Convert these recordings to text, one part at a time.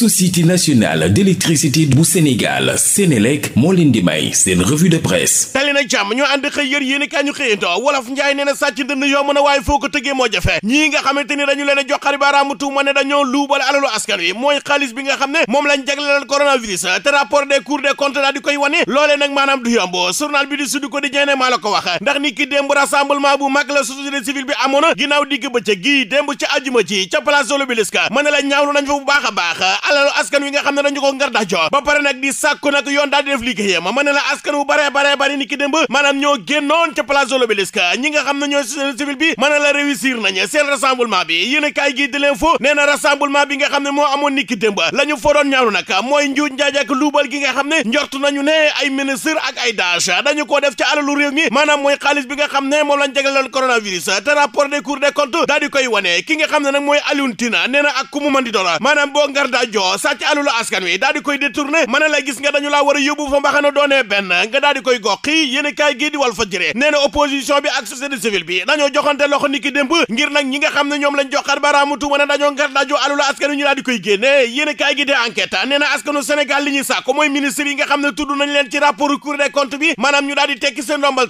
société nationale d'électricité bu Sénégal Sénélec moo leen seen revue de presse tali na jàmm ñoo ànd xëy yër yéen i kaay ñu xëyantoo njaay nee na sàcc yomb na waaye foo ko tëggee moo jafe ñii nga xamante ni dañu leen a jox xari baaraamu tuuma ne dañoo luubal alalu askan mooy xaalis bi nga xam ne moom lañ jagleel coronavirus te rapport des cours des comptes daal di koy wane loolee nag maanaam du yomb journal bi di Sud Quotidien ne maa la ko wax alalu askan wi nga xam ne dañu ko ngar dajo ba nag di sàkku nag yoon daal di def liggéeyam ma ne la askan wu bare bare bari ni ki démb maanaam ñoo génnoon ca place de l'Obélisque ñi nga xam ne ñoo société bi ma ne la réussir nañ seen rassemblement bi yéen a bi nga xam ne moo amoon ni ki la ñu fa doon ñaaru nag mooy njuuj njaaj ak luubal gi nga xam ne njort nañu ne ay ministre ak ay daage dañu koo def ci alalu réew mi maanaam mooy xaalis bi nga xam ne moom Bocco sàcc alalu askan wi daal koy détourné mën a la gis nga dañu laa war a yóbbu fa mbaxana doonee benn nga daal koy goxi yéen kaay gii di wal fa jëree bi ak société civile bi dañoo joxante loxo ni ki démb ngir nag xam ne ñoom lañ joxar baraamu tuuma ne dañoo ngar daajoo ñu daal koy génne yéen kaay gi di enquête nee askanu Sénégal li ñuy sàkku mooy ministre yi nga xam ne tudd nañ leen ci rapport Cour des comptes bi maanaam ñu daal di tekki seen ndombal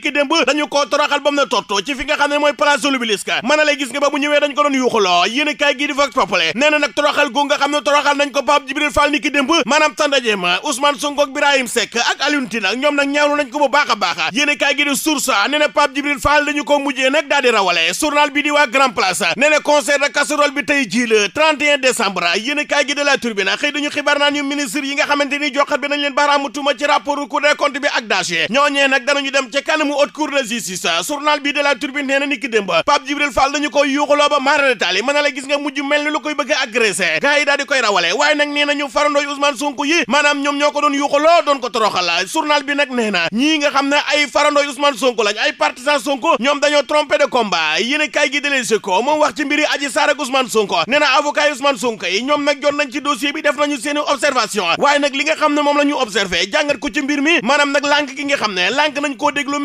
bërki démb dañu koo toroxal ba mu na tott ci fi nga ne mooy place de l'Obélisque mën na nga ba bu ñëwee dañ ko doon yuuxuloo yéen kaay gii di Vox Populi nee na nag toroxal gu nga xam ne toroxal nañ ko Pape Djibril Fall ni ki démb maanaam tàndaje ma Ousmane Sonko ak Birahim Seck nag ñoom nag ko bu baax a baax yéen kaay gii di Source nee dañu ko mujjee nag daal rawale journal bi waa Grand Place nee na concert de bi tey jii le kanamu haute cour de justice journal bi de la Tribune nee ni ki démb Pape Djibril Fall dañu koy yuuxaloo ba maaradetaali mën a la gis nga mel ni lu koy bëgg a agressé gars yi daal di koy ñu farandooy Ousmane Sonko yi maanaam ñoom ñoo ko doon yuuxaloo doon ko toroxal journal bi nag nee na xam ne ay farandooy Ousmane Sonko lañ ay partisan Sonko ñoom dañoo trompé de combat yéen a kaay gi de moom wax ci mbiri Adji Sarr ak Ousmane Sonko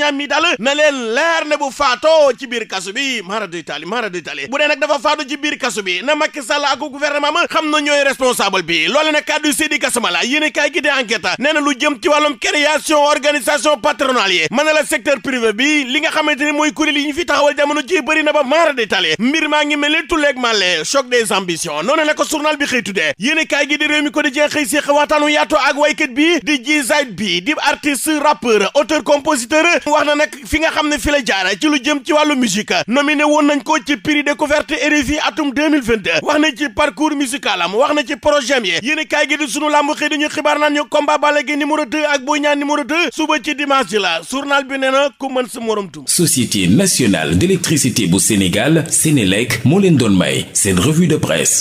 ñaam mi daal na leer ne bu faatoo kasu bi mara day taali mara day taali bu dee nag dafa faatu kasu bi na Macky ak gouvernement xam na ñooy responsable bi loole nag kàddu Seydi Gassama yéen kaay gi di enquête nee na lu jëm ci wàllum création organisation patronale yi mën na privé bi li nga xamante ne mooy kuréel yi ñu fi taxawal jamono ji bëri na ba mara day taali mbir maa ngi mel ni tuleeg màlle choc des ambitions ko journal bi xëy tuddee yéen kaay gi wax na nag fi nga xam ne fi la jaara ci lu jëm ci wàllu musique nominé woon nañ ko ci prix découverte RFI atum 2022 wax na ci parcours musical am wax na ci projet am yi yéen kaay gi di sunu làmb xëy dañu xibaar naan ñu combat Balla Gaye numéro 2 ak Boy Niang numéro 2 suba ci dimanche ji la journal bi na ku mën morom tum Société nationale d'électricité bu Sénégal Sénélec moo leen doon may seen revue de presse